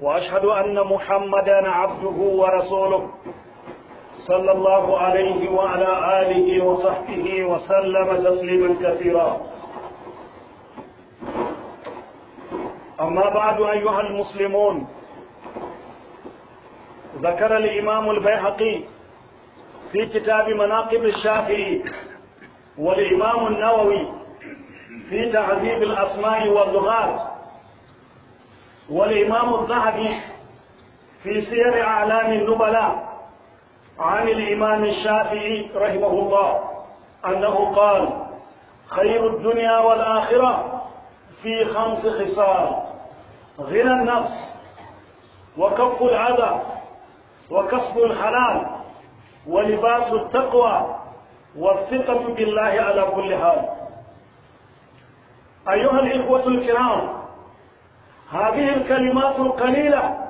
وأشهد أن محمدا عبده ورسوله صلى الله عليه وعلى آله وصحبه وسلم تسليما كثيرا أما بعد أيها المسلمون ذكر الإمام البيهقي في كتاب مناقب الشافعي والإمام النووي في تعذيب الأسماء واللغات والإمام الذهبي في سير أعلام النبلاء عن الإمام الشافعي رحمه الله أنه قال خير الدنيا والآخرة في خمس خصال غنى النفس وكف العذى وكسب الحلال ولباس التقوى والثقة بالله على كل حال أيها الإخوة الكرام هذه الكلمات القليلة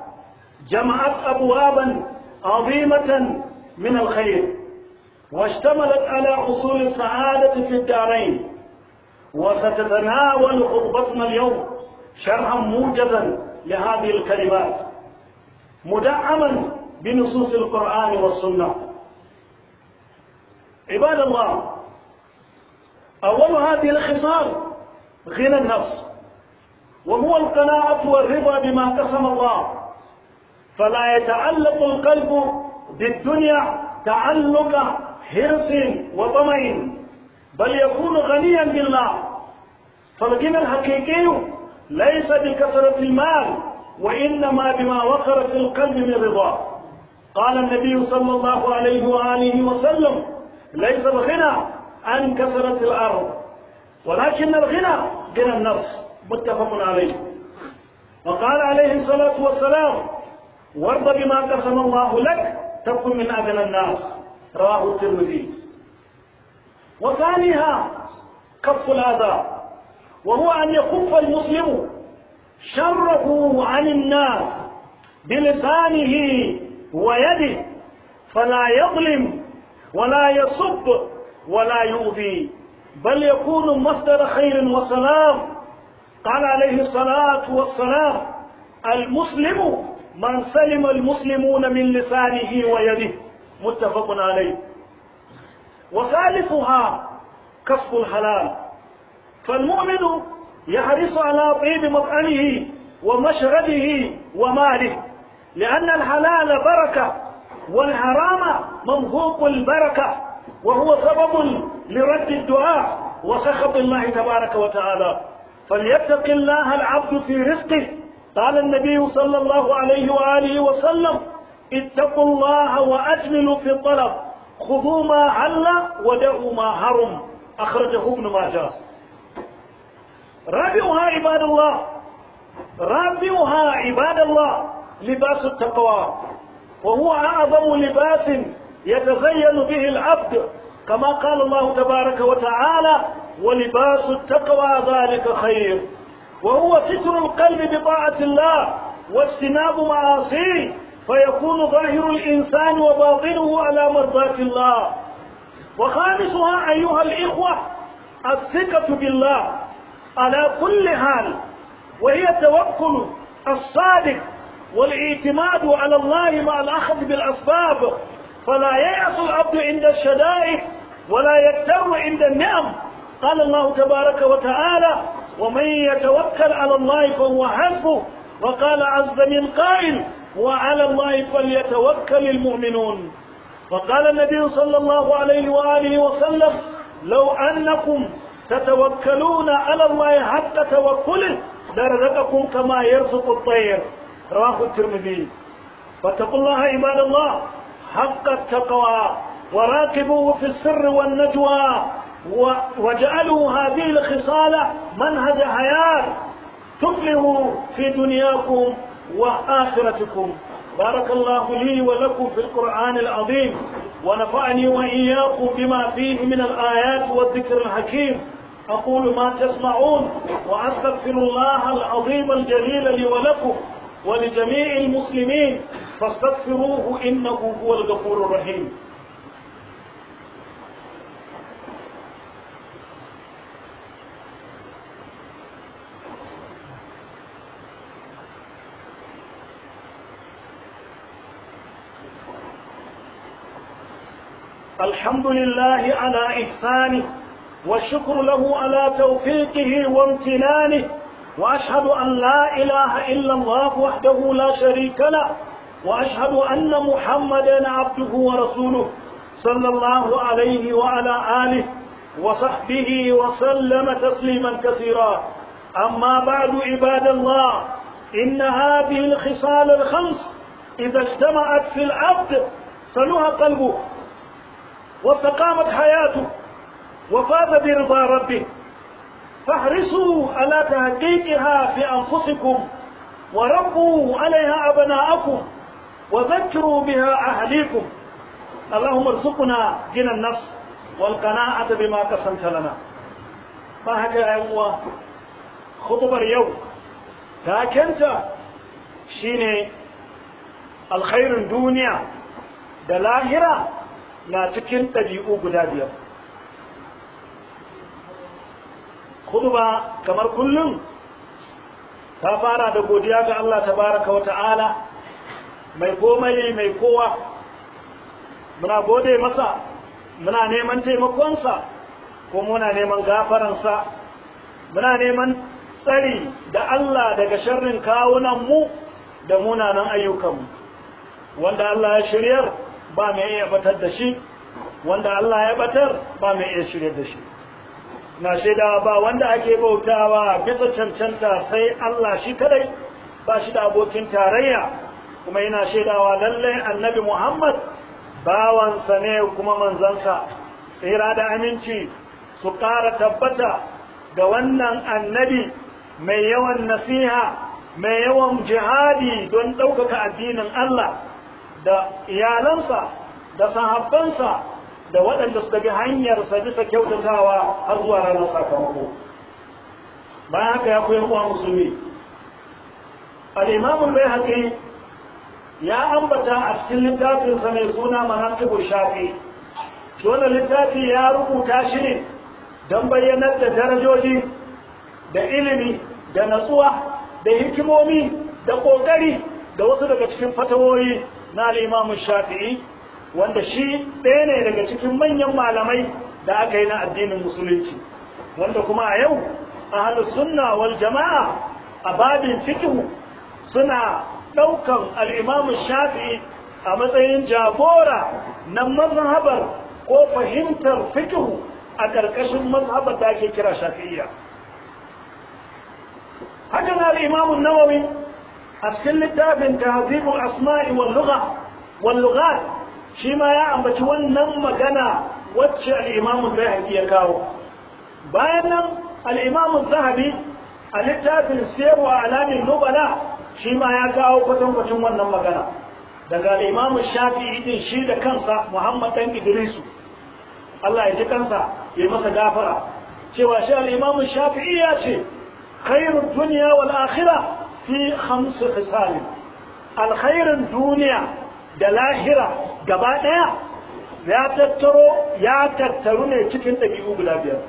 جمعت أبوابا عظيمة من الخير واشتملت على أصول السعادة في الدارين وستتناول خطبتنا اليوم شرحا موجزا لهذه الكلمات مدعما بنصوص القرآن والسنة عباد الله أول هذه الخصال غنى النفس وهو القناعة والرضا بما قسم الله فلا يتعلق القلب بالدنيا تعلق حرص وطمع بل يكون غنيا بالله فالغنى الحقيقي ليس بكثرة المال وإنما بما وقر في القلب من رضا قال النبي صلى الله عليه وآله وسلم ليس الغنى عن كثرة الأرض ولكن الغنى غنى النفس متفق عليه وقال عليه الصلاة والسلام وارض بما قسم الله لك تكن من أذن الناس رواه الترمذي وثانيها كف الأذى وهو أن يكف المسلم شره عن الناس بلسانه ويده فلا يظلم ولا يصب ولا يؤذي بل يكون مصدر خير وسلام قال عليه الصلاة والسلام المسلم من سلم المسلمون من لسانه ويده متفق عليه وثالثها كسب الحلال فالمؤمن يحرص على طيب مطعمه ومشربه وماله لأن الحلال بركة والحرام ممهوق البركة وهو سبب لرد الدعاء وسخط الله تبارك وتعالى فليتق الله العبد في رزقه قال النبي صلى الله عليه وآله وسلم اتقوا الله وأجملوا في الطلب خذوا ما هل ودعوا ما هرم أخرجه ابن ماجه رابعها عباد الله رابعها عباد الله لباس التقوى وهو أعظم لباس يتزين به العبد كما قال الله تبارك وتعالى ولباس التقوى ذلك خير وهو ستر القلب بطاعة الله واجتناب معاصيه فيكون ظاهر الإنسان وباطنه على مرضاة الله وخامسها أيها الإخوة الثقة بالله على كل حال وهي التوكل الصادق والاعتماد على الله مع الأخذ بالأسباب فلا ييأس العبد عند الشدائد ولا يكتر عند النعم قال الله تبارك وتعالى ومن يتوكل على الله فهو حسبه وقال عز من قائل وعلى الله فليتوكل المؤمنون وقال النبي صلى الله عليه وآله وسلم لو أنكم تتوكلون على الله حق توكله لرزقكم كما يرزق الطير رواه الترمذي فاتقوا الله عباد الله حق التقوى وراقبوه في السر والنجوى وجعلوا هذه الخصالة منهج حياة تفلحوا في دنياكم وآخرتكم بارك الله لي ولكم في القرآن العظيم ونفعني وإياكم بما فيه من الآيات والذكر الحكيم أقول ما تسمعون وأستغفر الله العظيم الجليل لي ولكم ولجميع المسلمين فاستغفروه إنه هو الغفور الرحيم الحمد لله على إحسانه والشكر له على توفيقه وامتنانه وأشهد أن لا إله إلا الله وحده لا شريك له وأشهد أن محمدا عبده ورسوله صلى الله عليه وعلى آله وصحبه وسلم تسليما كثيرا أما بعد عباد الله إن هذه الخصال الخمس إذا اجتمعت في العبد صنع قلبه واستقامت حياته وفاز برضا ربه فاحرصوا على تحقيقها في أنفسكم وربوا عليها أبناءكم وذكروا بها أهليكم اللهم ارزقنا جنى النفس والقناعة بما قسمت لنا فهكا خطب اليوم يوم تاكنت شيني الخير الدنيا دلاهرة na cikin ɗabi'u guda biyar ba kamar kullum ta fara da godiya ga Allah baraka wa ta'ala mai komai mai kowa muna gode masa muna neman taimakonsa ko muna neman gafaransa muna neman tsari da Allah daga sharrin kawunanmu da munanan ayyukanmu wanda Allah ya shiryar ba mai iya batar da shi wanda Allah ya batar ba mai iya shirya da shi na shaida ba wanda ake bautawa bisa cancanta sai Allah shi kadai ba shi da abokin tarayya kuma yana shaidawa lalle annabi Muhammad bawansa ne kuma manzansa tsira da aminci su ƙara tabbata ga wannan annabi mai yawan nasiha mai yawan jihadi don ɗaukaka addinin Allah da iyalansa da sahabbansa da waɗanda suka bi hanyarsa bisa kyautatawa har zuwa ranar sakamako bayan haka ya koyan uwa musulmi al'imamun bai haƙi ya ambata a cikin littafinsa mai suna manakibu shafi dole littafi ya rubuta shi ne don bayyanar da darajoji da ilimi da natsuwa da hikimomi da ƙoƙari da wasu daga cikin fatawoyi na al-Imam Shafi'i wanda shi ɗaya ne daga cikin manyan malamai da aka yi na addinin musulunci wanda kuma a yau ahlus sunna wal jama'a a babin fiqh suna ɗaukan al-Imam Shafi'i a matsayin jagora na mazhabar ko fahimtar fiqh a ƙarƙashin mazhabar da ake kira Shafi'iyya hakan al-Imam Nawawi a cikin littafin tahzibul asma'i wal lugha wal lughat shi ma ya ambaci wannan magana wacce al-imam az ya kawo bayan nan al-imam az-zahabi a littafin sirru alamin nubala shi ma ya kawo kwatankwacin wannan magana daga al-imam shafi'i din shi da kansa muhammad dan idrisu Allah ya ji kansa ya masa gafara cewa shi al-imam shafi'i ya ce khairu dunya wal akhirah fi hamsu hisalin alkhairin duniya da lahira gaba ɗaya ya tattaro ya tattaru ne cikin ɗabi'u guda biyar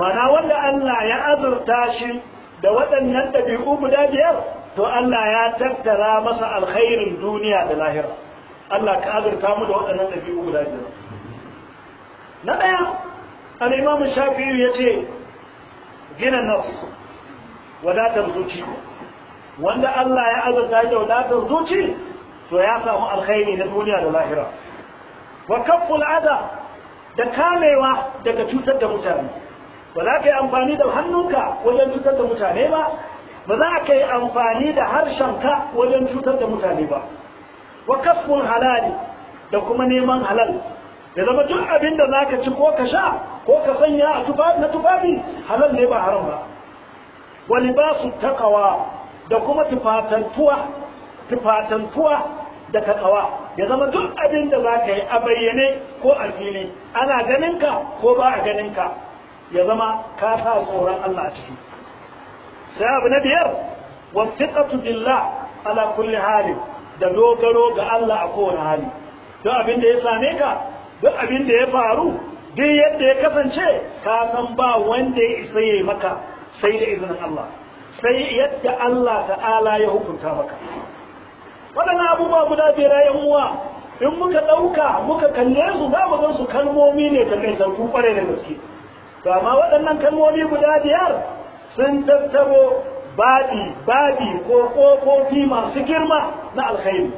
mana wanda Allah ya azurta shi da waɗannan ɗabi'u guda biyar to Allah ya tattara masa alkhairin duniya da lahira Allah ka azurta mu da waɗannan ɗabi'u guda biyar na ɗaya al-imam shafi'i yace gina nafs wadatar zuciya wanda Allah ya azurta ya wadatar zuci to ya samu alkhairi na duniya da lahira wa kafful adha da kamewa daga cutar da mutane ba za ka yi amfani da hannunka wajen cutar da mutane ba ba za ka yi amfani da harshenka wajen cutar da mutane ba wa kafful halali da kuma neman halal ya zama duk abin da zaka ci ko ka sha ko ka sanya a na tufafi halal ne ba haram ba wa libasu taqwa da kuma tufatantuwa tufatantuwa da takawa ya zama duk abin da za ka yi a bayyane ko a fili ana ganinka ko ba a ganinka ya zama ka sa tsoron Allah a ciki sai abu na biyar wasiqatu billah ala kulli hali da dogaro ga Allah a kowane hali duk abin da ya same ka duk abin da ya faru duk yadda ya kasance ka san ba wanda ya isa yi maka sai da izinin Allah sai yadda Allah ta'ala ya hukunta maka waɗannan abubuwa guda biyar yan uwa in muka ɗauka muka kalle su za mu su kalmomi ne ta kai tarku ƙwarai da gaske to amma waɗannan kalmomi guda biyar sun tattaro baɗi baɗi ko ƙofofi masu girma na alkhairi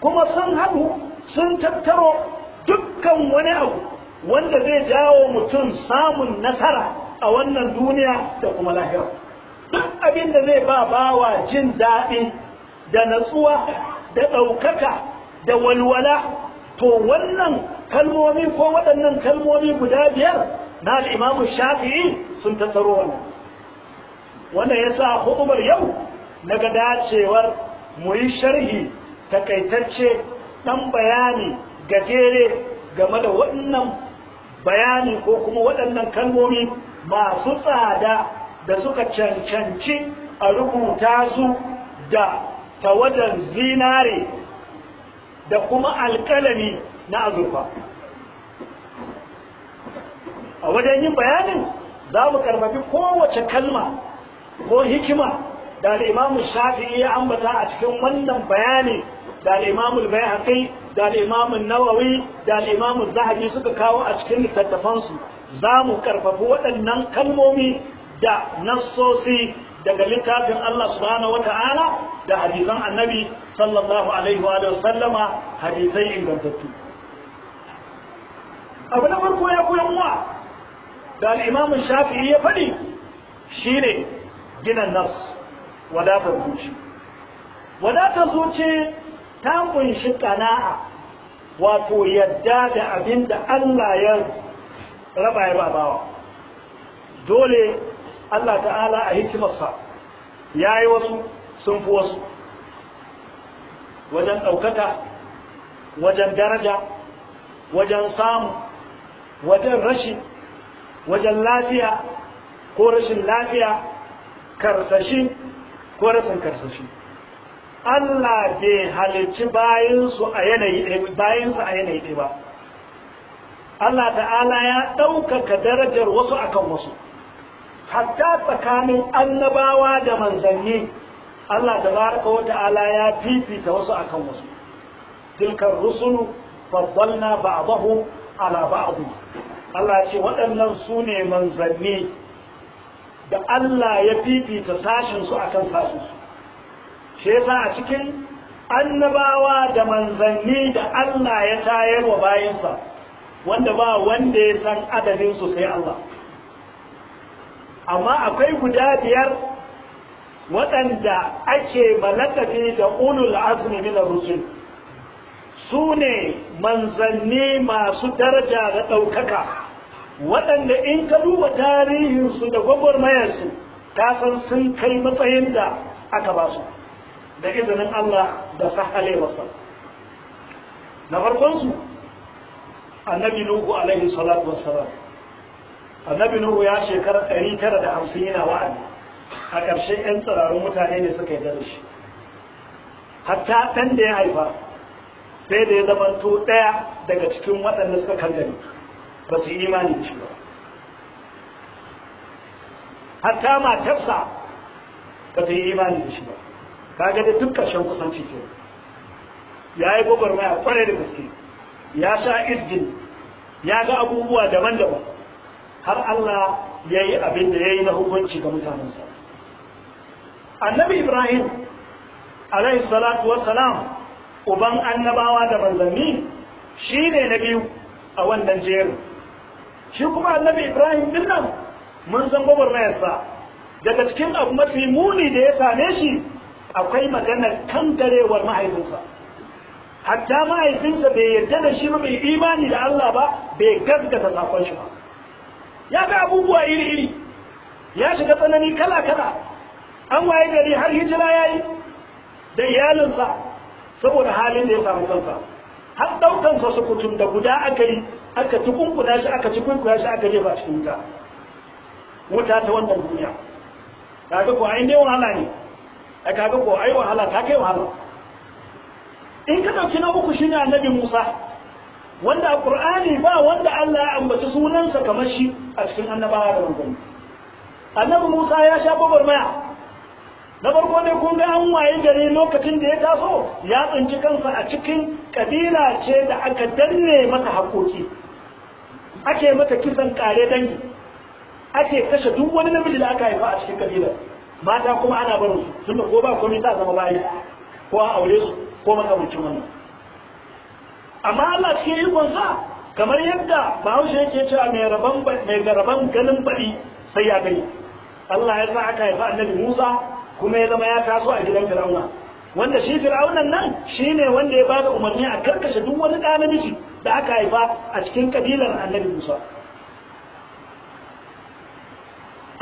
kuma sun haɗu sun tattaro dukkan wani abu wanda zai jawo mutum samun nasara a wannan duniya da kuma lahira duk abin da zai ba bawa jin daɗi da natsuwa da ɗaukaka da walwala to wannan kalmomi ko waɗannan kalmomi guda biyar na al'imamu shafi'i sun tattaro wani wanda ya sa hukumar yau na ga dacewar mu yi sharhi takaitacce ɗan bayani gajere game da waɗannan bayani ko kuma waɗannan kalmomi masu tsada da suka cancanci a rubuta su da tawadar zinare da kuma alƙalami na azurfa a wajen yin bayanin za mu karfafi kowace kalma ko hikima da al'imamu shafi'i iya ambata a cikin wannan bayani da al'imamu bai da al'imamu nawawi da al'imamu zahabi suka kawo a cikin littattafansu za mu karfafi waɗannan kalmomi da nassosi daga littafin Allah subhanahu wata'ala da hadisan annabi sallallahu alaihi wa sallama hadisai ingantattu abu na farko ya koyan wa da al'imamu shafi'i ya faɗi Shi ne ginan nas wadatar zuci wadatar zuci ta kunshi kana'a wato yadda da abin da Allah ya raba ya babawa dole Allah ta'ala a hikimarsa ya yi wasu sun fi wasu wajen ɗaukaka wajen daraja wajen samu wajen rashi wajen lafiya ko rashin lafiya karsashi ko rashin karsashi Allah bai halicci bayansu a yanayi bayansu a yanayi ɗaya ba Allah ta'ala ya ɗaukaka darajar wasu akan wasu hatta tsakanin annabawa da manzanni Allah ka wa ta'ala ya fifita wasu akan wasu tilkar rusulu faddalna ba'dahu ala ba'd Allah ce waɗannan su ne manzanni da Allah ya fifita sashin su akan sashin su shi yasa a cikin annabawa da manzanni da Allah ya tayar wa bayansa wanda ba wanda ya san adadin su sai Allah amma akwai guda biyar waɗanda ake malakafi da ulul azmi min rusul su ne manzanni masu daraja da ɗaukaka waɗanda in ka duba tarihinsu da gwagwarmayarsu ka san sun kai matsayin da aka ba su da izinin Allah da sahale wasa na farkonsu annabi nuhu alaihi salatu wassalam annabi nuhu ya shekara 950 yana wa'azi a ƙarshe 'yan tsirarun mutane ne suka yi dare shi hatta ɗan da ya haifa sai da ya to ɗaya daga cikin waɗanda suka kangare ba su yi imani da shi ba hatta matarsa ba ta yi imani da shi ba Ka da duk ƙarshen kusanci ke ya yi gwagwarmaya kwarai da gaske ya sha izgin ya ga abubuwa daban-daban har Allah ya yi abin da ya yi na hukunci ga mutanensa annabi ibrahim alaihi salatu wassalam uban annabawa da manzanni shi ne na biyu a wannan jerin shi kuma annabi ibrahim din nan mun san gwagwarmayarsa daga cikin abu mafi muni da ya same shi akwai maganar kankarewar mahaifinsa hatta mahaifinsa bai yarda da shi ba bai imani da Allah ba bai gasgata sakon shi ba ya ga abubuwa iri-iri ya shiga tsanani kala-kala an waye gari har hijira ya yi da iyalinsa saboda halin da ya samu kansa har ɗaukansa su kutum da guda aka yi aka kunkuna shi aka kunkuna shi aka jefa cikin wuta wuta ta wannan duniya kaga ko ai ne wahala ne ai kaga ko ai wahala ta kai wahala in ka dauki na uku shine annabi Musa wanda a Qur'ani ba wanda Allah ya ambaci sunansa kamar shi a cikin annabawa da manzanni annabi Musa ya sha gwagwarmaya na farko ne kun ga an waye gari lokacin da ya taso ya tsinci kansa a cikin kabila ce da aka danne mata haƙoƙi ake mata kisan kare dangi ake kashe duk wani namiji da aka haifa a cikin kabilar mata kuma ana barin su tunda ko ba komai sa zama bayi ko a aure su ko makamancin wannan amma Allah shi yi gonsa kamar yadda bahaushe yake cewa mai rabon mai garaban ganin baɗi sai ya gani Allah ya sa aka haifa annabi Musa kuma ya zama ya taso a gidan Fir'auna wanda shi Fir'aunan nan shine wanda ya bada umarni a karkashe duk wani ɗa namiji da aka haifa a cikin kabilar annabi Musa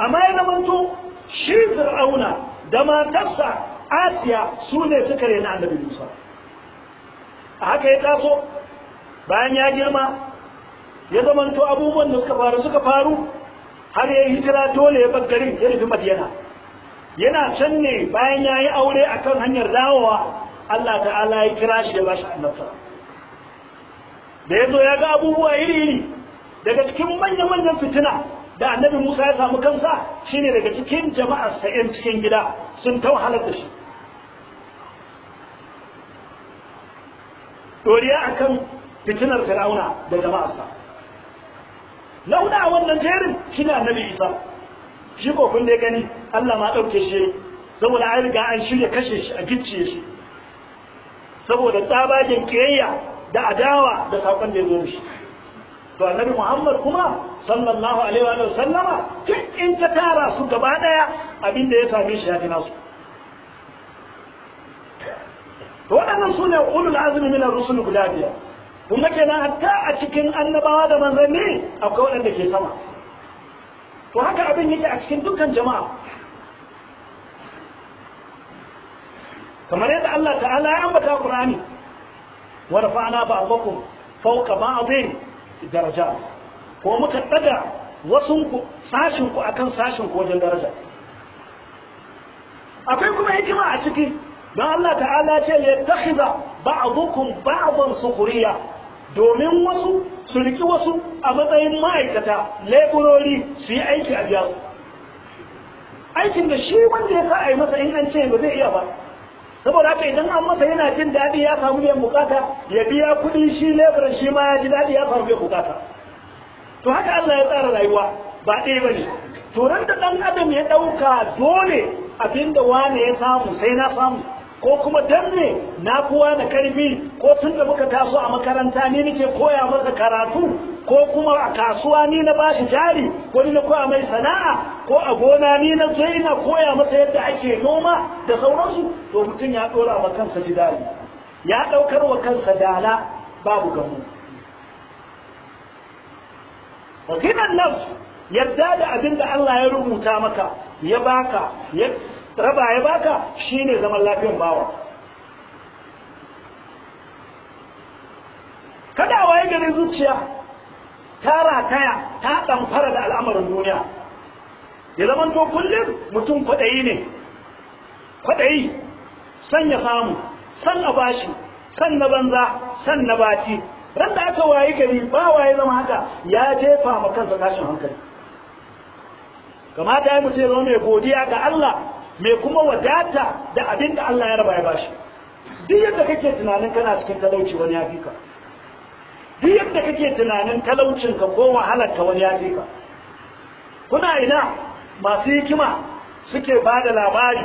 amma ya zamanto shi Fir'auna da matarsa Asiya su ne suka rena annabi Musa a haka ya taso bayan ya girma ya zamanto abubuwan da suka faru suka faru har ya hijira dole ya bar ya nufi madiyana yana can ne bayan ya yi aure a kan hanyar dawowa Allah ta'ala ya kira shi ya ba shi annabta da ya zo ya ga abubuwa iri-iri daga cikin manya-manyan fitina da annabi Musa ya samu kansa shine daga cikin jama'ar sa'in cikin gida sun tauhalar da shi doriya kan fitinar fir'auna da jama'asa na hudu a wannan jerin shine annabi isa shi kofin da dai gani Allah ma ɗauke shi saboda an riga an shirya kashe shi a gicciye shi saboda tsabagen ƙiyayya da adawa da sakon da ya zo shi to annabi Muhammad kuma sallallahu alaihi wa sallama tun in ta tara su gaba ɗaya, abin da ya same shi ya fi nasu to waɗannan su ne ulul azumi minar rusul guda biyar Kuma ga kenan hatta a cikin annabawa da manzanni akwai waɗanda ke sama to haka abin yake a cikin dukkan jama'a kamar yadda Allah ta'ala ya ambata Qur'ani wa rafa'na ba'dakum fawqa ba'din daraja ko muka daga wasun ku sashin ku akan sashin ku wajen daraja akwai kuma hikima a ciki dan Allah ta'ala ce ya takhiza ba'dukum ba'dan sukhriya domin wasu su riki wasu a matsayin ma'aikata laborori su yi aiki a jaru aikin da shi wanda ya sa a yi masa in an ce ba zai iya ba saboda haka idan an masa yana jin daɗi ya samu biyan bukata ya biya kuɗi shi leburan shi ma ya ji daɗi ya samu biyan bukata to haka Allah ya tsara rayuwa ba ɗaya ba ne to da ɗan adam ya ɗauka dole abinda wane ya samu sai na samu ko kuma danne na kuwa na karfi ko tun da muka taso a makaranta ni nake koya masa karatu ko kuma a kasuwa ni na bashi jari ko ni na koya mai sana'a ko a gona ni na zo ina koya masa yadda ake noma da sauransu to mutum ya dora wa kansa jidali ya daukar wa kansa dala babu gamu wa kinan nafs yadda da abinda Allah ya rubuta maka ya baka raba ya baka shine zaman lafiyan bawa kada waye gari zuciya ta rataya ta fara da al'amarin duniya ya zaman to kullum mutum kwaɗayi ne kwaɗayi san ya samu san a bashi san na banza san na baci ran da aka waye gari ba waye zama haka ya jefa ma kansa tashin hankali kamata ya mutu ya zama mai godiya ga Allah mai kuma wadata da abin da Allah ya raba ya bashi duk yadda kake tunanin kana cikin talauci wani ya fika duk yadda kake tunanin talaucin ka ko wahalar ka wani ya fika kuna ina masu hikima suke ba da labari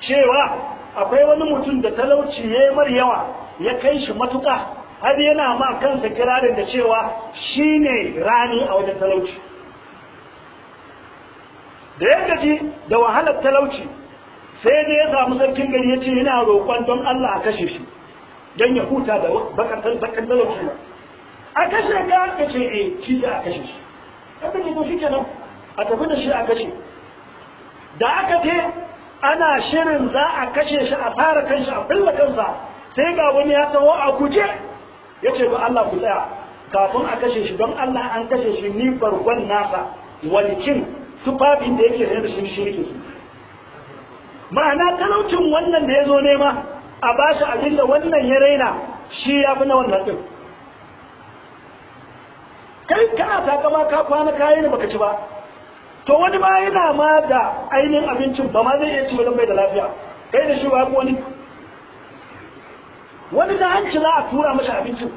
cewa akwai wani mutum da talauci ya yi mar yawa ya kai shi matuƙa har yana ma kansa kirarin da cewa shi ne rani a wajen talauci da yadda ji da wahalar talauci sai da ya samu sarkin gari ya ce yana roƙon don Allah a kashe shi don ya huta da bakan ba a kashe ga ka ce e shi za a kashe shi abin da shi kenan a tafi da shi a kashe da aka ce ana shirin za a kashe shi a tsara shi a billa kansa sai ga wani ya tsawo a guje ya ce ba Allah ku tsaya kafin a kashe shi don Allah an kashe shi ni bargon nasa walikin tufafin da yake sayar da shi su ma'ana talaucin wannan da ya zo nema a shi abin da wannan ya raina shi ya fi na wannan ɗin kai kana gama ka kwana kayan da baka ci ba to wani ma yana ma da ainihin abincin ba ma zai iya ci wajen bai da lafiya kai da shi ba wani wani da hanci za a tura masa abincin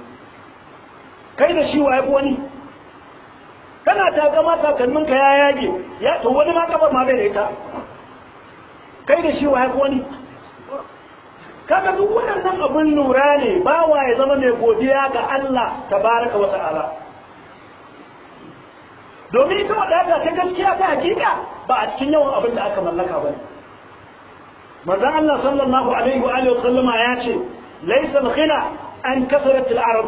kai da shi waye wani kana kakannin ka ya yage ya to wani ma kafar ma bai da ita kai da shi wa haifi wani kaga duk waɗannan abin lura ne wa ya zama mai godiya ga Allah baraka wa ta'ala domin ita wadata ta gaskiya ta hakika ba a cikin yawan abin da aka mallaka ba ne manzon Allah sallallahu alaihi wa alihi sallama ya ce laysa al an kasarat al-arab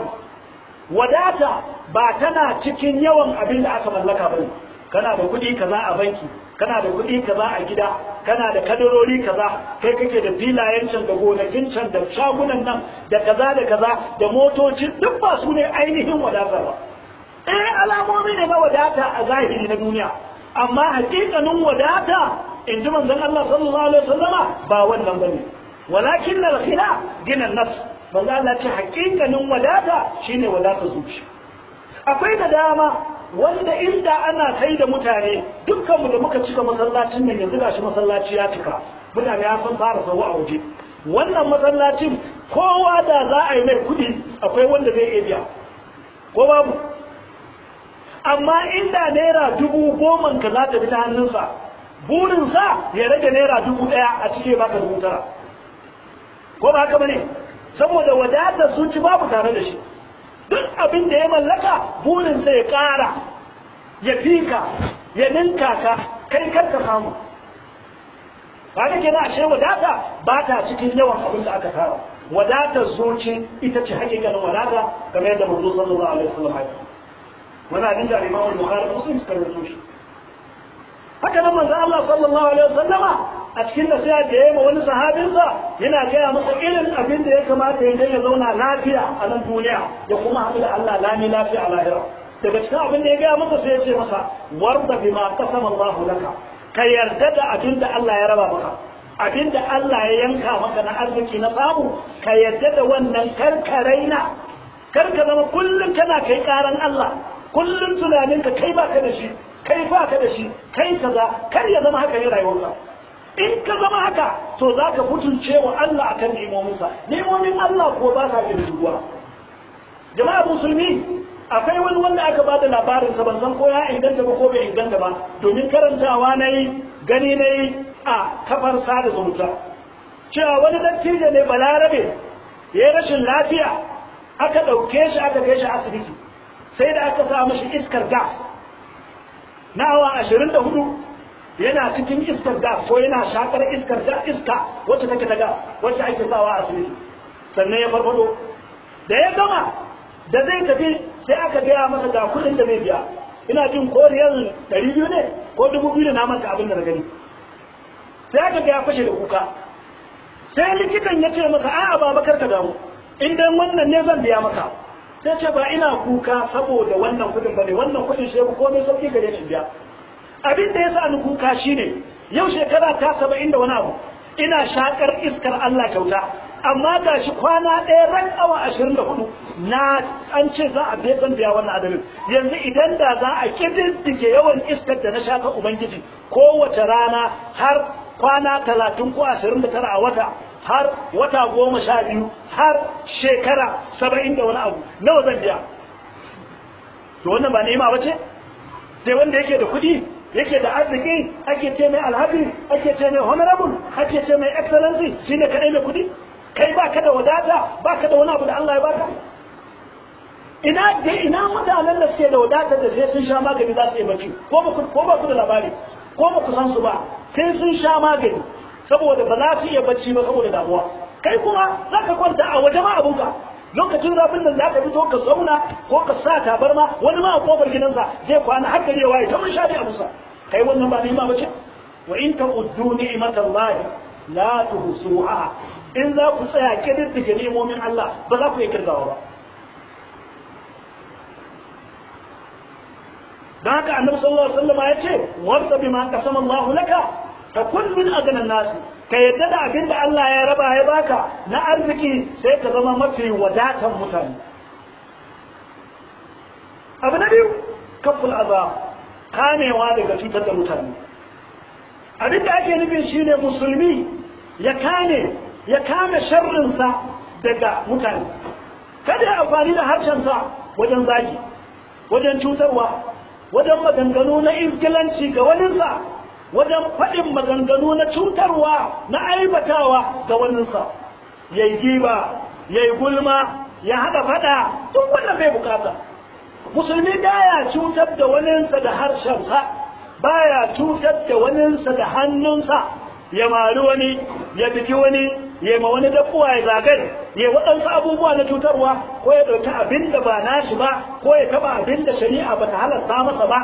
wadata ba tana cikin yawan abin da aka mallaka ba ne kana da kuɗi kaza a banki kana da kuɗi kaza a gida kana da kadarori kaza kai kake da filayen can da gonakin can da shagunan nan da kaza da kaza da motoci duk ba su ne ainihin wadata ba eh alamomi ne na wadata a zahiri na duniya amma hakikanin wadata in ji manzon Allah sallallahu alaihi wasallama ba wannan bane walakin al-khina gina nas manzo Allah ce hakikanin wadata shine wadata zuci akwai da dama wanda inda ana sai da mutane dukkanmu da muka cika masallacin nan yanzu gashi masallaci ya cika mutane ya san fara sau a waje wannan masallacin kowa da za a yi mai kuɗi akwai wanda zai iya biya ko babu amma inda naira dubu goman ka za ta bi ta hannunsa burinsa ya rage naira dubu ɗaya a cike baka dubu tara ko ba haka bane saboda wadatar sun ci babu tare da shi duk abin da ya mallaka burinsa ya ƙara ya fi ka, ya ninka ka kai kar ka samu ba da gina ashe wadata ba ta cikin yawan abin da aka tara wadatar zuci ita ce hakikanin wadata kamar yadda manzo sallallahu alaihi sallam ya wani abin da Imam Bukhari Muslim suka rubuta shi haka nan manzo Allah sallallahu alaihi wasallama a cikin nasiha da ya yi ma wani sahabinsa yana gaya masa irin abin da ya kamata ya ya zauna lafiya a nan duniya ya kuma haɗu da Allah lami lafiya a lahira daga cikin abin da ya gaya masa sai ya ce masa warda bima qasama Allah laka ka yarda da abin da Allah ya raba maka abin da Allah ya yanka maka na arziki na samu ka yarda da wannan karkaraina kar ka zama kullum kana kai karan Allah kullum tunaninka kai baka da shi kai baka da shi kai kaza kar ya zama haka ne rayuwarka in ka zama haka to za ka mutunce wa Allah a kan nemominsa nemomin Allah ko ba sa da ruwa jama'a musulmi akwai wani wanda aka ba da labarin sa ban san ko ya inganta ba ko bai inganta ba domin karantawa na yi gani na yi a kafar sada zumunta cewa wani dattijo ne balarabe ya yi rashin lafiya aka ɗauke shi aka kai shi asibiti sai da aka sa mashi iskar gas na awa ashirin da hudu yana cikin iskar gas ko yana shakar iskar da iska wacce take ta gas wacce ake sawa a asibiti sannan ya farfado da ya gama da zai tafi sai aka gaya masa ga kuɗin da mai biya ina jin ko riyal ɗari biyu ne ko dubu biyu da na abin da na gani sai aka gaya fashe da kuka sai likitan ya ce masa a'a bakar ka damu in wannan ne zan biya maka sai ce ba ina kuka saboda wannan kudin ba ne wannan kuɗin shi ko komai sauƙi gare ni biya abin da ya sa ni kuka shine yau shekara ta saba'in da wani abu ina shakar iskar Allah kyauta amma ga shi kwana ɗaya ran awa ashirin da hudu na an ce za a bai zan biya wannan adabin yanzu idan da za a ƙididdige yawan iskar da na shaka ubangiji kowace rana har kwana talatin ko ashirin da tara a wata har wata goma sha biyu har shekara saba'in da wani abu nawa zan biya to wannan ba ne ba ce sai wanda yake da kuɗi yake da arziki ake ce mai alhaji ake ce mai honorable ake ce mai excellency shine kadai mai kudi kai baka da wadata baka da wani abu da Allah ya baka ina da ina mutanen da suke da wadata da sai sun sha magani za su yi bacci ko ba ku ko ba ku da labari ko ba ku san su ba sai sun sha magani saboda ba za su iya bacci ba saboda damuwa kai kuma zaka kwanta a wajen abuka lokacin zafin da zaka fito ka zauna ko ka sa tabarma wani ma a kofar gidansa zai kwana har gare waye ta mun shari abusa kai wannan ba ni ni'ima bace wa in ta ta'uddu ni'matallahi la tuhsuha in za ku tsaya kididdige ni'imomin Allah ba za ku yi kirgawa ba don haka annabi sallallahu alaihi wasallam ya ce wanda bima qasama Allah laka fa kun min agnan nasi ka yadda da abin da Allah ya raba ya baka na arziki sai ka zama mafi wadatan mutane abu na biyu kafin azab kamewa daga cutar da mutane abin da ake nufin shine musulmi ya kame ya kame sharrinsa daga mutane kada ya amfani da harshensa wajen zagi wajen cutarwa wajen maganganu na izgilanci ga waninsa wajen faɗin maganganu na cutarwa na aibatawa ga waninsa ya yi giba ya yi gulma ya haɗa faɗa duk wannan bai bukata musulmi baya cutar da waninsa da harshensa baya cutar da waninsa da hannunsa ya mari wani ya biki wani ya ma wani dab'uwa ya zagar ya waɗansu abubuwa na cutarwa ko ya ɗauki abin da ba nashi ba ko ya taɓa abin da shari'a ba ta halasta masa ba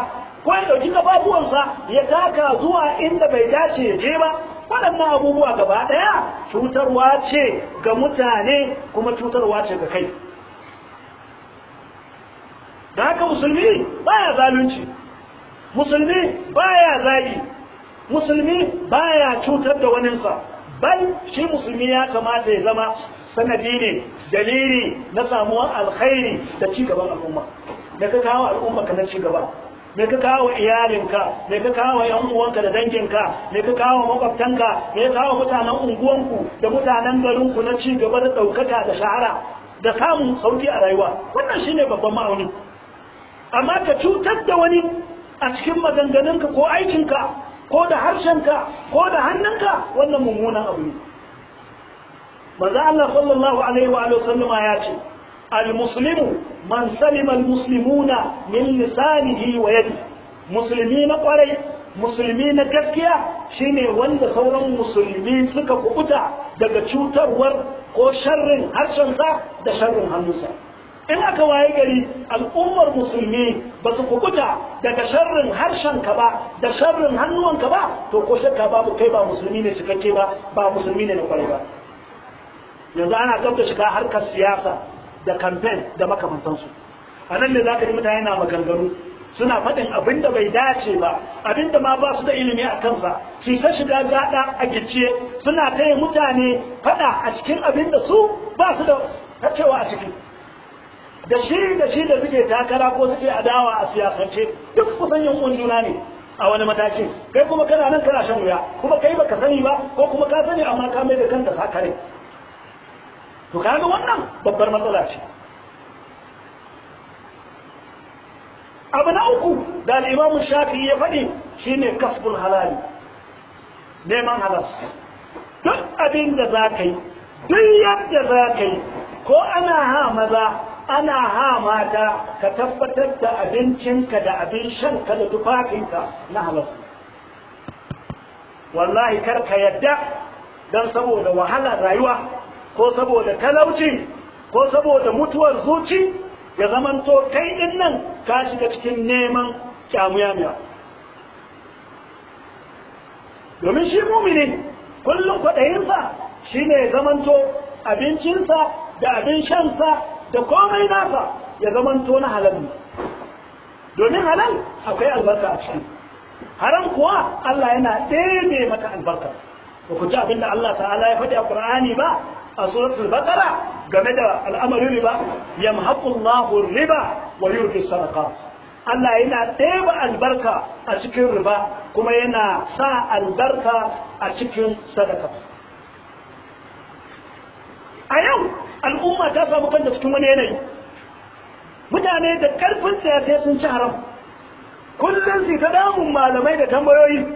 ko ya ɗauki gababuwansa ya taka zuwa inda bai dace ya je ba waɗannan abubuwa gaba ɗaya cutarwa ce ga mutane kuma cutarwa ce ga kai da haka musulmi ba ya zalunci musulmi ba ya zagi musulmi ba ya cutar da waninsa bal shi musulmi ya kamata ya zama sanadi ne dalili na samuwar alkhairi da cigaban al'umma da ka kawo al'umma ka na cigaba me ka kawo iyalinka me ka kawo yan uwanka da danginka me ka kawo makwabtanka me ka kawo mutanen unguwanku da mutanen garinku na ci gaba da ɗaukaka da shahara da samun sauki a rayuwa wannan shine babban ma'auni amma ka cutar da wani a cikin maganganunka ko aikinka ko da harshenka ko da hannunka wannan mummunan abu ne manzo Allah sallallahu alaihi wa sallama ya ce المسلم من سلم المسلمون من Musulmi na kwarai, musulmi na gaskiya shine wanda sauran musulmi suka kubuta daga cutarwar ko sharrin harshensa da sharrin hannunsa in aka waye gari al'ummar musulmi ba su kubuta daga sharrin harshenka ba da sharrin hannuwanka ba to ko shakka babu kai ba musulmi ne cikakke ba ba musulmi ne na kwarai ba yanzu ana gabda shiga harkar siyasa da campaign da makamantansu a nan ne za ka yi mutane na maganganu suna faɗin abin da bai dace ba abin da ma ba su da ilimi a kansa su ta shiga gada a gicciye suna taya mutane faɗa a cikin abin da su ba su da kacewa a cikin. da shi da shi da suke takara ko suke adawa a siyasance duk kusan yankun juna ne a wani mataki kai kuma kana nan kana shan wuya kuma kai baka sani ba ko kuma ka sani amma ka mai da kanka sakare to kaga wannan babbar matsala ce abu na uku da al'imamun shafi ya faɗi shine kasbun halali neman halas duk abin da za ka yi duk yadda za ka yi ko ana ha maza ana ha mata ka tabbatar da abincinka da abin shanka da tufafinka na halas wallahi kar ka yadda don saboda wahala rayuwa ko saboda talauci ko saboda mutuwar zuci ya zamanto kai din nan ka shiga cikin neman kyamuyamiya domin shi mumini kullum kwaɗayinsa shi ne zamanto abincinsa da abin shansa da komai nasa ya zamanto na halal domin halal akwai albarka a cikin haram kuwa Allah yana ɗebe mata albarka ba ku ji abin da Allah ta'ala ya faɗi a Qur'ani ba a suratul baqara game da al'amarin riba yamhaqu Allahu riba wa yurbi sadaka. Allah yana ɗeba albarka a cikin riba kuma yana sa albarka a cikin sadaka a yau al'umma ta samu kanta cikin wani yanayi mutane da karfin siyasa sun ci haram kullum su ta damun malamai da tambayoyi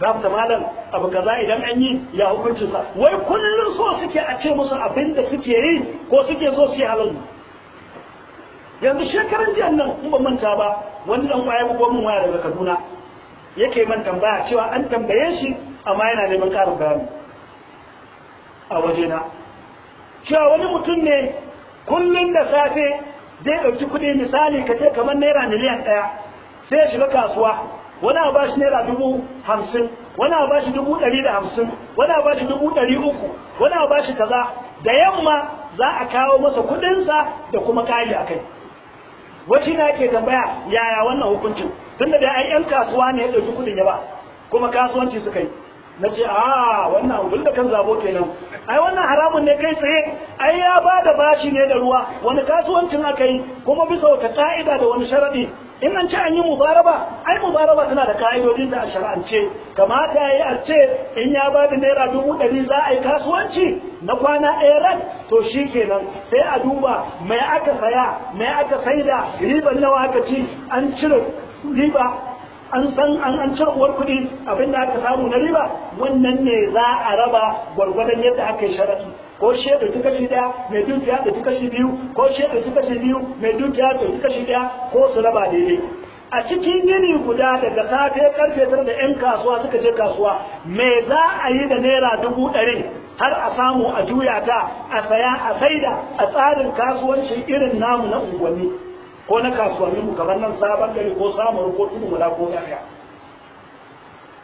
gafta malam abu kaza idan an yi ya hukunci sa wai kullum so suke a ce musu abin da suke yi ko suke so su yi halin yanzu shekaran jiya nan in ba manta ba wani dan kwaya ko mun waya daga Kaduna yake man tambaya cewa an tambaye shi amma yana neman karin bayani a wajena cewa wani mutum ne kullum da safe zai ɗauki kuɗi misali ka ce kamar naira miliyan ɗaya sai ya shiga kasuwa wani a bashi naira dubu hamsin wani a bashi dubu ɗari da hamsin wani a bashi dubu ɗari uku wani a bashi kaza da yamma za a kawo masa kuɗinsa da kuma ƙari a kai wacce na ke tambaya yaya wannan hukuncin tun da ai yan kasuwa ne ya ɗauki kuɗin ya ba kuma kasuwanci suka yi na ce a ah, wannan abin da kan zabo kenan ai wannan haramun ne kai tsaye ai ya ba da bashi ne da ruwa wani kasuwancin aka yi kuma bisa wata ka'ida da wani sharadi in an ce an yi mubaraba ai mubaraba tana da ka'idodin da a shar'ance kamata ya yi a ce in ya ba da naira dubu ɗari za a yi kasuwanci na kwana ɗaya to shi kenan sai a duba mai aka saya mai aka saida riban nawa aka ci an cire riba an san an an cire uwar kuɗi abin da aka samu na riba wannan ne za a raba gwargwadon yadda aka yi sharaɗi ko shaidu ta kashi daya mai dukiya da ta kashi biyu ko shaidu ta kashi biyu mai dukiya da ta kashi daya ko su raba daidai a cikin yini guda daga safe karfe tara da yan kasuwa suka je kasuwa me za a yi da naira dubu ɗari har a samu a juya ta a saya a saida a tsarin kasuwancin irin namu na unguwanni ko na kasuwanninmu kamar nan sabon gari ko samun ko tudu da ko yaya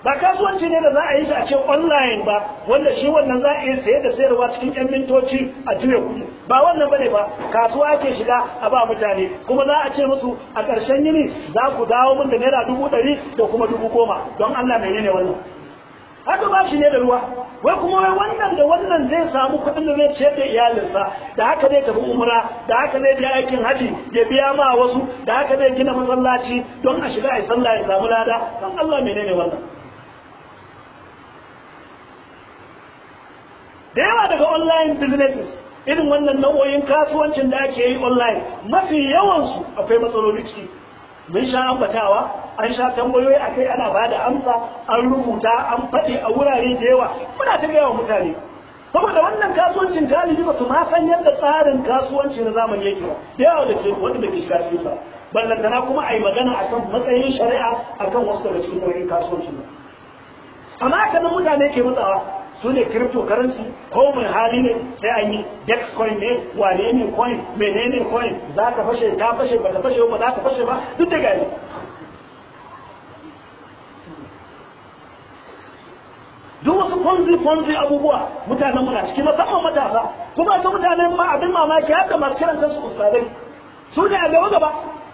ba kasuwanci ne da za a yi shi a ce online ba wanda shi wannan za a yi saye da sayarwa cikin yan mintoci a juya kuɗi ba wannan bane ba kasuwa ake shiga a ba mutane kuma za a ce musu a ƙarshen yini za ku dawo min da naira dubu ɗari da kuma dubu goma don Allah mai ne wannan haka ba shi ne da ruwa wai kuma wai wannan da wannan zai samu kuɗin da zai ciyar da iyalinsa da haka zai tafi umra da haka zai je aikin haji ya biya ma wasu da haka zai gina masallaci don a shiga a yi sallah ya samu lada don Allah menene wannan da yawa daga online businesses irin wannan nau'o'in kasuwancin da ake yi online mafi yawansu akwai matsaloli ciki mun sha ambatawa an sha tambayoyi akai ana ba da amsa an rubuta an faɗi a wurare da yawa muna ta gaya wa mutane saboda wannan kasuwancin galibi ba su ma san yadda tsarin kasuwanci na zamani yake ba da yawa da ke wanda ke shiga cikin sa ballantana kuma a yi magana akan matsayin shari'a akan wasu daga cikin nau'in kasuwancin amma haka mutane ke matsawa su ne cryptocurrency ko mai hali ne sai an yi dex coin ne wane ne coin menene coin za ka fashe ta fashe ba ta fashe ba za ka fashe ba duk da gani duk wasu ponzi ponzi abubuwa mutanen muna ciki musamman matasa kuma ga mutane ma abin mamaki har da masu kiran kansu ustadai su ne a gaba gaba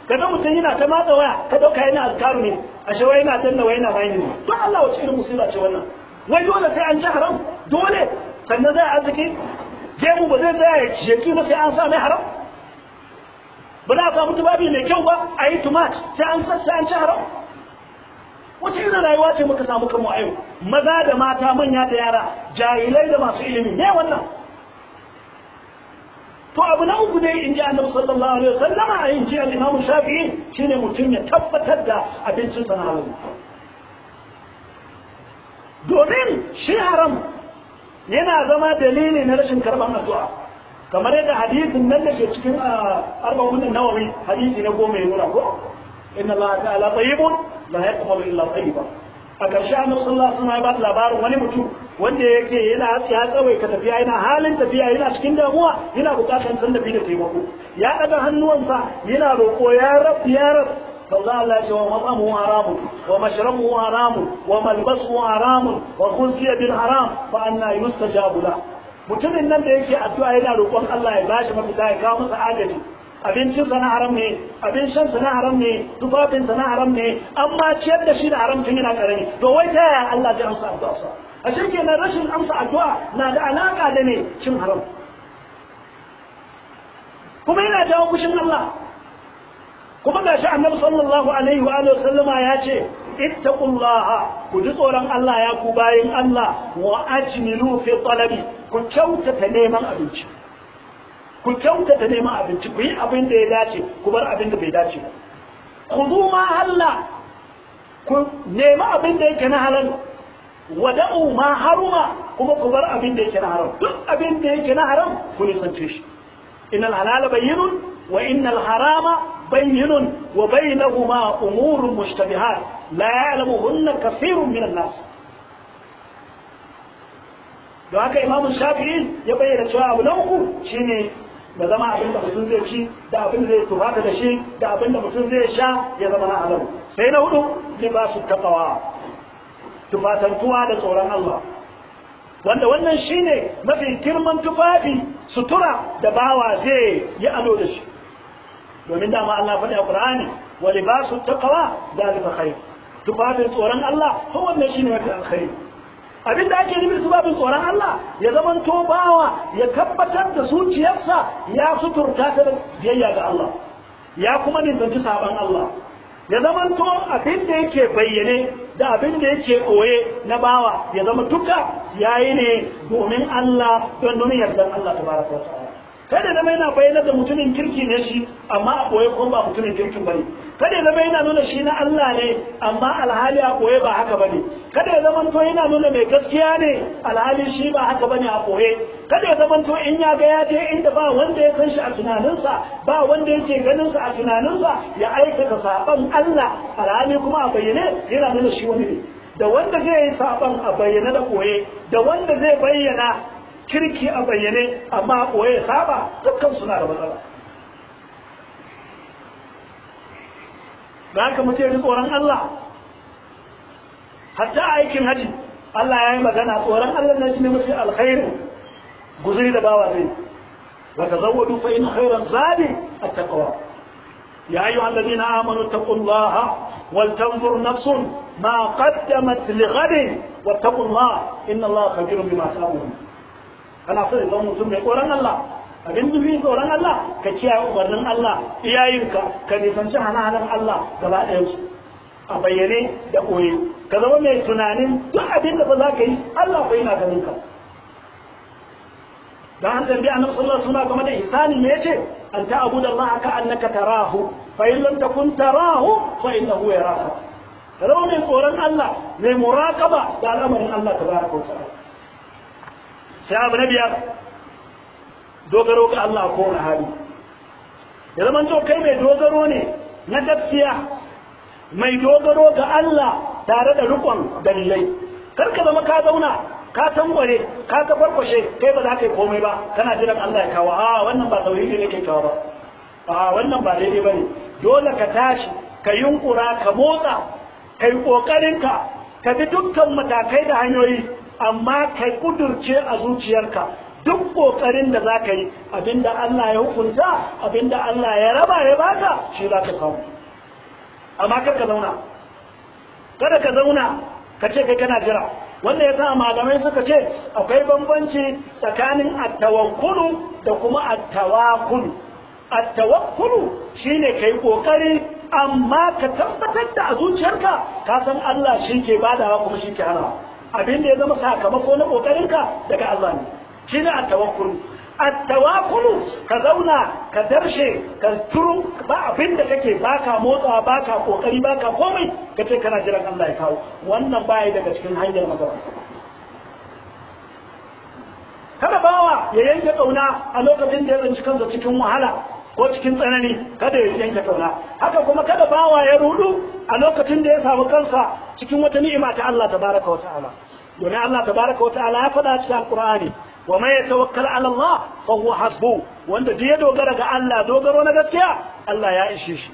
kaga mutum yana ta matsa waya ka dauka yana azkaru ne a shawai yana danna waya yana bayin ne Don Allah wace irin musiba ce wannan wai dole sai an ci haram dole sannan za a arziki gemu ba zai tsaya ya ciye ba sai an sa mai haram ba za a samu tubabi mai kyau ba a yi tumat sai an sassa an ci haram wace irin rayuwa ce muka samu kanmu a yau maza da mata manya da yara jahilai da masu ilimi ne wannan to abu na uku ne in ji annabi sallallahu alaihi wasallama a yin ji al-imam shafi'i shine mutum ya tabbatar da abincinsa na halal domin shi haram yana zama dalili na rashin karɓar addu'a kamar yadda hadisin nan da ke cikin arba'un nawawi hadisi na goma ya nuna ko inna allaha ta'ala tayyibun la yaqbalu illa tayyiba a ƙarshe annabi sallallahu alaihi wasallam ya ba labarin wani mutum wanda yake yana ya ka tafiya yana halin tafiya yana cikin damuwa yana buƙatar tallafi da taimako ya ɗaga hannuwansa yana roƙo ya rab ya rab allah ce wa wa فالله على ومطعمه حرام ومشربه حرام وملبسه حرام وغزي بالحرام فأنا يستجاب له mutumin nan da yake addu'a yana roƙon Allah ya bashi mafita ya kawo masa agaji abincin sa na haram ne abin shan sa na haram ne tufafin sa na haram ne amma ciyar da shi da haram tun yana karami to wai ta yaya Allah zai amsa addu'a sa a shirke na rashin amsa addu'a na da alaƙa da ne cin haram kuma yana jawo kushin Allah kuma shi annabi sallallahu alaihi wa alihi wasallama ya ce ittaqullaha ku ji tsoron Allah ya ku bayin Allah wa ajmilu fi talabi ku kyautata neman abinci ku kyautata neman abinci ku yi abin da ya dace ku bar abin da bai dace ba khudhu ma Allah ku nemi abin da yake na halal wada'u ma haruma kuma ku bar abin da yake na haram duk abin da yake na haram ku nisance shi innal halala bayyinun wa innal harama بين وبينهما أمور مشتبهات لا يعلمهن كثير من الناس da haka imamun shafi'i ya bayyana cewa abu na uku ne da zama abin da mutum zai ci da abin da zai tubata da shi da abin da mutum zai sha ya zama na adam sai na hudu ne ba su takawa tufatantuwa da tsoron Allah wanda wannan shi ne mafi girman tufafi sutura da bawa zai yi ado da shi domin dama Allah faɗi a Qur'ani wa libasu taqwa zalika khair tufafin tsoron Allah to wannan shine wata alkhairi abin da ake nufi tufafin tsoron Allah ya zaman to bawa ya tabbatar da zuciyarsa ya suturta ta biyayya ga Allah ya kuma nisanci saban Allah ya zaman to abin da yake bayyane da abin da yake koye na bawa ya zama duka yayi ne domin Allah don duniyar dan Allah tabaraka wa ta'ala kada zama yana bayyana da mutumin kirki ne shi amma a koye kuma ba mutumin kirkin bane kada zama yana nuna shi na Allah ne amma alhali a koye ba haka bane kada zama to yana nuna mai gaskiya ne alhali shi ba haka bane a koye kada zama to in ya ga ya je inda ba wanda ya san shi a tunaninsa ba wanda yake ganin sa a tunaninsa ya aikata saban Allah alhali kuma a bayyane yana nuna shi wani ne da wanda zai yi saban a bayyane da koye da wanda zai bayyana kirki a bayyane amma ɓoye saba dukkan suna da matsala ba ka mutum yi tsoron Allah hatta aikin haji Allah ya yi magana tsoron Allah na shi ne mafi alkhairu guzuri da bawa zai wa tazawwadu fa in khairan zadi at-taqwa ya ayyuhal ladina amanu taqullaha wal tanzur nafsun ma qaddamat li ghadin wattaqullaha inna Allaha khabirun bima ta'malun kana so zama mutum mai tsoron Allah abin nufi tsoron Allah ka kiyaye umarnin Allah iyayenka ka nisanci hana-hanan Allah gaba ɗayansu a bayyane da ɓoye ka zama mai tunanin duk abin da ba za ka yi Allah bai na ganin ka da an tambaye annabi sallallahu alaihi wasallam game da ihsani me yace an ta'budu Allah ka annaka tarahu fa in lam takun tarahu fa innahu yaraka ka zama mai tsoron Allah mai muraqaba da al'amarin Allah tabaraka wa ta'ala sai abu na biyar dogaro ga Allah ko na hali ya zama to kai mai dogaro ne na gaskiya mai dogaro ga Allah tare da rukun dalilai kar ka zama ka zauna ka tangware ka ka farkwashe kai ba za ka yi komai ba kana jiran Allah ya kawo a wannan ba tauhidi ne ke kawo ba a wannan ba daidai bane dole ka tashi ka yunkura ka motsa kai kokarin ka ka bi dukkan matakai da hanyoyi amma kai kudurce a zuciyarka duk kokarin da zaka yi abinda Allah ya hukunta abinda Allah ya raba ya baka shi za ka samu amma kar ka zauna kada ka zauna ka ce kai kana jira wanda ya sa malamai suka ce akwai bambanci tsakanin at-tawakkulu da kuma attawakulu tawakkulu shine kai kokari amma ka tabbatar da a zuciyarka ka san Allah shi ke badawa kuma shi ke hanawa abin da ya zama sakamako na kokarinka daga Allah ne shi ne at-tawakkul ka zauna ka darshe ka turu ba abin da kake baka motsawa baka kokari baka komai kace kana jiran Allah ya kawo wannan baya daga cikin hanyar magana kada bawa ya yanke kauna a lokacin da ya zanci kansa cikin wahala ko cikin tsanani kada ya yanke kauna haka kuma kada bawa ya rudu a lokacin da ya samu kansa cikin wata ni'ima ta Allah tabaraka wa ta'ala domin Allah tabaraka wa ta'ala ya faɗa cikin alqur'ani wa man yatawakkal ala Allah fa huwa hasbu wanda duk ya dogara ga Allah dogaro na gaskiya Allah ya ishe shi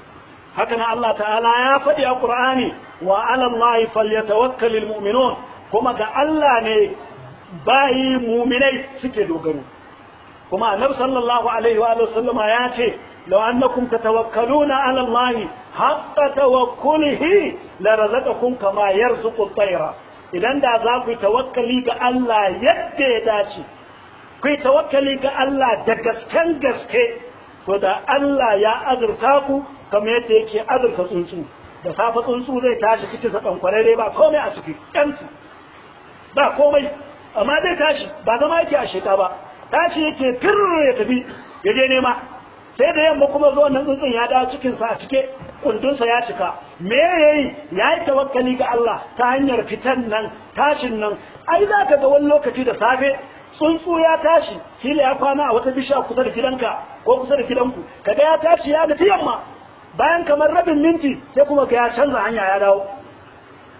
haka nan Allah ta'ala ya faɗi a Ƙur'ani, wa 'ala Allah falyatawakkalul mu'minun kuma ga Allah ne bayi mu'minai suke dogaro kuma annabi sallallahu alaihi wa sallam ya ce law annakum tatawakkaluna ala Allah haqqa tawakkulihi la razaqakum kama yarzuqu at-tayra idan da za ku tawakkali ga Allah yadda ya dace ku tawakkali ga Allah da gasken gaske to da Allah ya azurta ku kamar yadda yake azurta tsuntsu da safa tsuntsu zai tashi cikin sa kwararre ba komai a ciki yansu ba komai amma zai tashi ba zama yake a sheka ba tashi yake firre ya tafi ya je nema sai da yamma kuma zo nan tsuntsun ya dawo cikin sa a cike kundunsa ya cika me yayi yayi tawakkali ga Allah ta hanyar fitan nan tashin nan ai za ka ga wani lokaci da safe tsuntsu ya tashi fili ya kwana a wata bishiya kusa da gidanka ko kusa da gidanku kaga ya tashi ya nufi yamma bayan kamar rabin minti sai kuma ga ya canza hanya ya dawo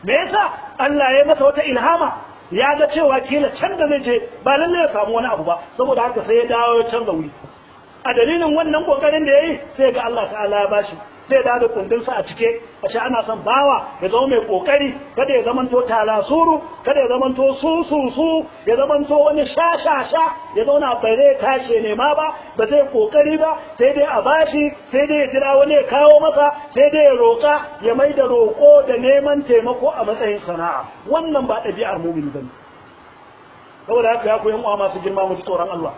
me yasa Allah ya masa wata ilhama ya ga cewa kila can da zai je ba lalle ya samu wani abu ba saboda haka sai ya dawo ya canza wuri a dalilin wannan kokarin da yayi sai ga Allah ta'ala ya bashi zai da da kundinsa a cike a ce ana son bawa ya zama mai kokari kada ya zamanto talasuru kada ya zamanto su su su ya zamanto wani sha sha sha ya zauna bai zai kashe ne ma ba ba zai kokari ba sai dai a bashi sai dai ya jira wani ya kawo masa sai dai ya roka ya mai da roko da neman taimako a matsayin sana'a wannan ba ɗabi'ar mumini bane saboda haka ya koyan uwa masu girma mu ji tsoron Allah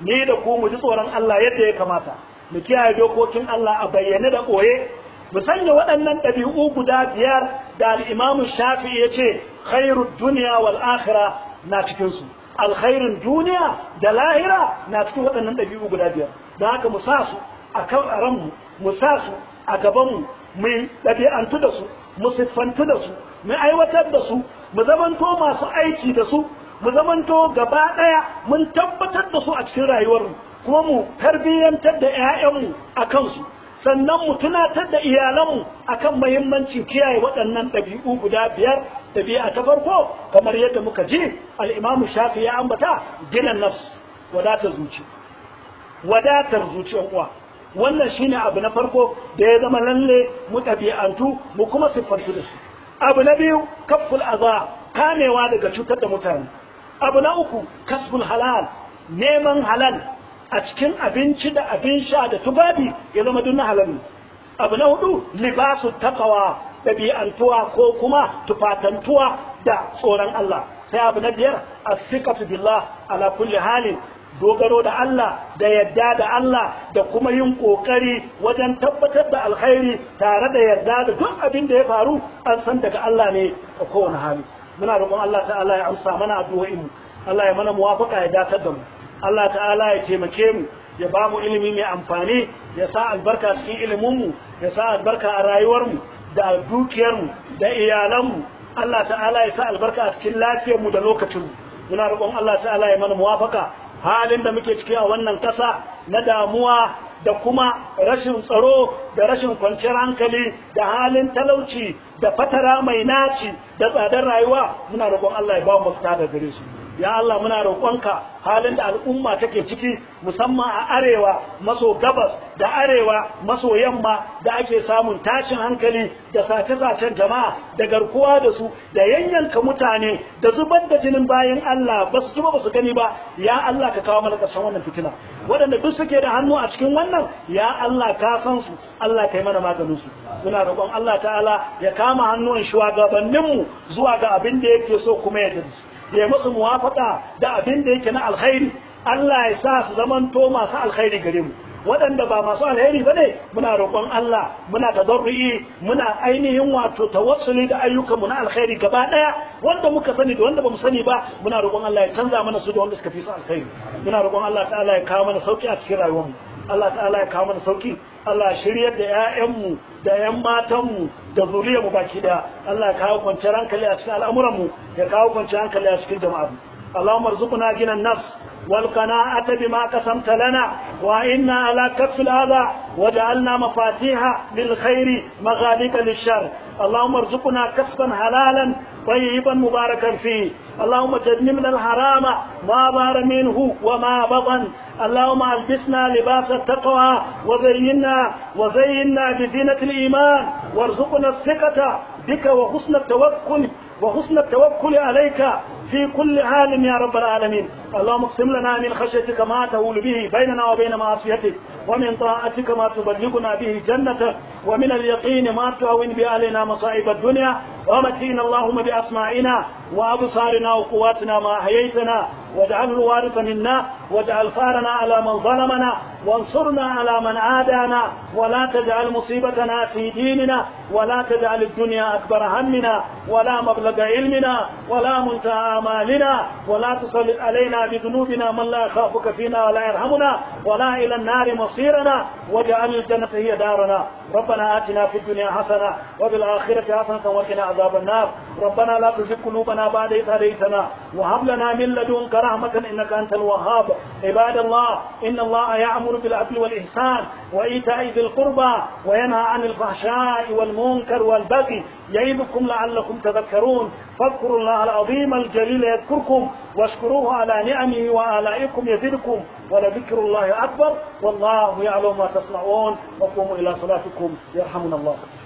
ni da ku mu ji tsoron Allah yadda ya kamata mu kiyaye dokokin Allah a bayyane da koye mu sanya waɗannan ɗabi'u guda biyar da al-Imam Shafi'i yace khairud dunya wal akhirah na cikin su alkhairin duniya da lahira na cikin waɗannan ɗabi'u guda biyar da haka mu sa su a kan ranmu mu sa su a gabanmu mu ɗabi'antu da su mu siffantu da su mu aiwatar da su mu zamanto masu aiki da su mu zamanto gaba ɗaya mun tabbatar da su a cikin rayuwarmu kuma mu tarbiyyantar da 'ya'yanmu a kansu sannan mu tunatar da iyalanmu a kan mahimmancin kiyaye waɗannan ɗabi'u guda biyar ɗabi'a ta farko kamar yadda muka ji al'imamu shafi ya ambata gina nafs wadatar zuci wadatar zuci. ‘yan’uwa, wannan ne abu na farko da ya zama lalle mu ɗabi'antu mu kuma siffantu da su abu na biyu kafful aza kamewa daga cutar da mutane abu na uku kasbul halal neman halal a cikin abinci da abin sha da tubabi ya zama duk na halal abu na hudu libasu taqwa dabi'antuwa ko kuma tufatantuwa da tsoron Allah sai abu na biyar a siqatu billah ala kulli halin dogaro da Allah da yadda da Allah da kuma yin kokari wajen tabbatar da alkhairi tare da yadda da duk abin da ya faru an san daga Allah ne a kowane hali muna roƙon Allah ta'ala ya amsa mana addu'o'in Allah ya mana muwafaqa ya dakatar da mu Allah ta'ala ya taimake mu ya ba mu ilimi mai amfani ya sa albarka cikin iliminmu ya sa albarka a rayuwarmu da dukiyarmu da iyalanmu Allah ta'ala ya sa albarka a cikin mu da lokacinmu muna roƙon Allah ta'ala ya mana muwafaka halin da muke ciki a wannan ƙasa na damuwa da kuma rashin tsaro da rashin kwanciyar hankali da halin talauci da fatara mai naci da tsadar rayuwa muna roƙon Allah ya ba mu fita da gare su ya Allah muna roƙonka halin da al'umma take ciki musamman a arewa maso gabas da arewa maso yamma da ake samun tashin hankali da sace-sacen jama'a da garkuwa da su da yanyanka mutane da zubar da jinin bayan Allah ba su zuba ba su gani ba ya Allah ka kawo mana ƙarshen wannan fitina waɗanda duk suke da hannu a cikin wannan ya Allah ka san su Allah ka yi mana maganin su muna roƙon Allah ta'ala ya kama hannuwan shugabanninmu zuwa ga abin da yake so kuma ya dinsu ya musu muwafaka da abin da yake na alkhairi Allah ya sa su zamanto masu alkhairi gare mu waɗanda ba masu alheri ba ne muna roƙon Allah muna tadarru'i muna ainihin wato wasuli da ayyukanmu na alkhairi gaba ɗaya wanda muka sani da wanda mu sani ba muna roƙon Allah ya canza mana su da wanda suka fi su alkhairi muna roƙon Allah ta'ala ya kawo mana sauki a cikin rayuwarmu Allah ta'ala ya kawo mana sauki Allah shiryar da ƴaƴanmu da ƴan matanmu da zuriyarmu baki daya Allah ya kawo kwanciyar hankali a cikin al'amuranmu ya kawo kwanciyar hankali a cikin jama'a اللهم ارزقنا غنى النفس والقناعة بما قسمت لنا وإنا على كف الأذى وجعلنا مفاتيح للخير مغاليق للشر اللهم ارزقنا كسبا حلالا طيبا مباركا فيه اللهم تجنبنا الحرام ما ظهر منه وما بطن اللهم ألبسنا لباس التقوى وزينا وزينا بزينة الإيمان وارزقنا الثقة بك وحسن التوكل وحسن التوكل عليك في كل عالم يا رب العالمين اللهم اقسم لنا من خشيتك ما تهول به بيننا وبين معصيتك ومن طاعتك ما تبلغنا به جنتك ومن اليقين ما تهون به علينا مصائب الدنيا ومتين اللهم باسمائنا وأبصارنا وقواتنا ما أحييتنا واجعله الوارث منا واجعل فارنا على من ظلمنا وانصرنا على من عادانا ولا تجعل مصيبتنا في ديننا ولا تجعل الدنيا أكبر همنا ولا مبلغ علمنا ولا منتهى آمالنا ولا تسلط علينا بذنوبنا من لا يخافك فينا ولا يرحمنا ولا إلى النار مصيرنا واجعل الجنة هي دارنا ربنا آتنا في الدنيا حسنة وفي الآخرة حسنة وقنا عذاب النار ربنا لا تزغ قلوبنا بعد إذ هديتنا وهب لنا من لدنك رحمة إنك أنت الوهاب عباد الله إن الله يأمر بالعدل والإحسان وإيتاء ذي القربى وينهى عن الفحشاء والمنكر والبغي يعظكم لعلكم تذكرون فاذكروا الله العظيم الجليل يذكركم واشكروه على نعمه وآلائكم يزدكم ولذكر الله أكبر والله يعلم ما تصنعون وقوموا إلى صلاتكم يرحمنا الله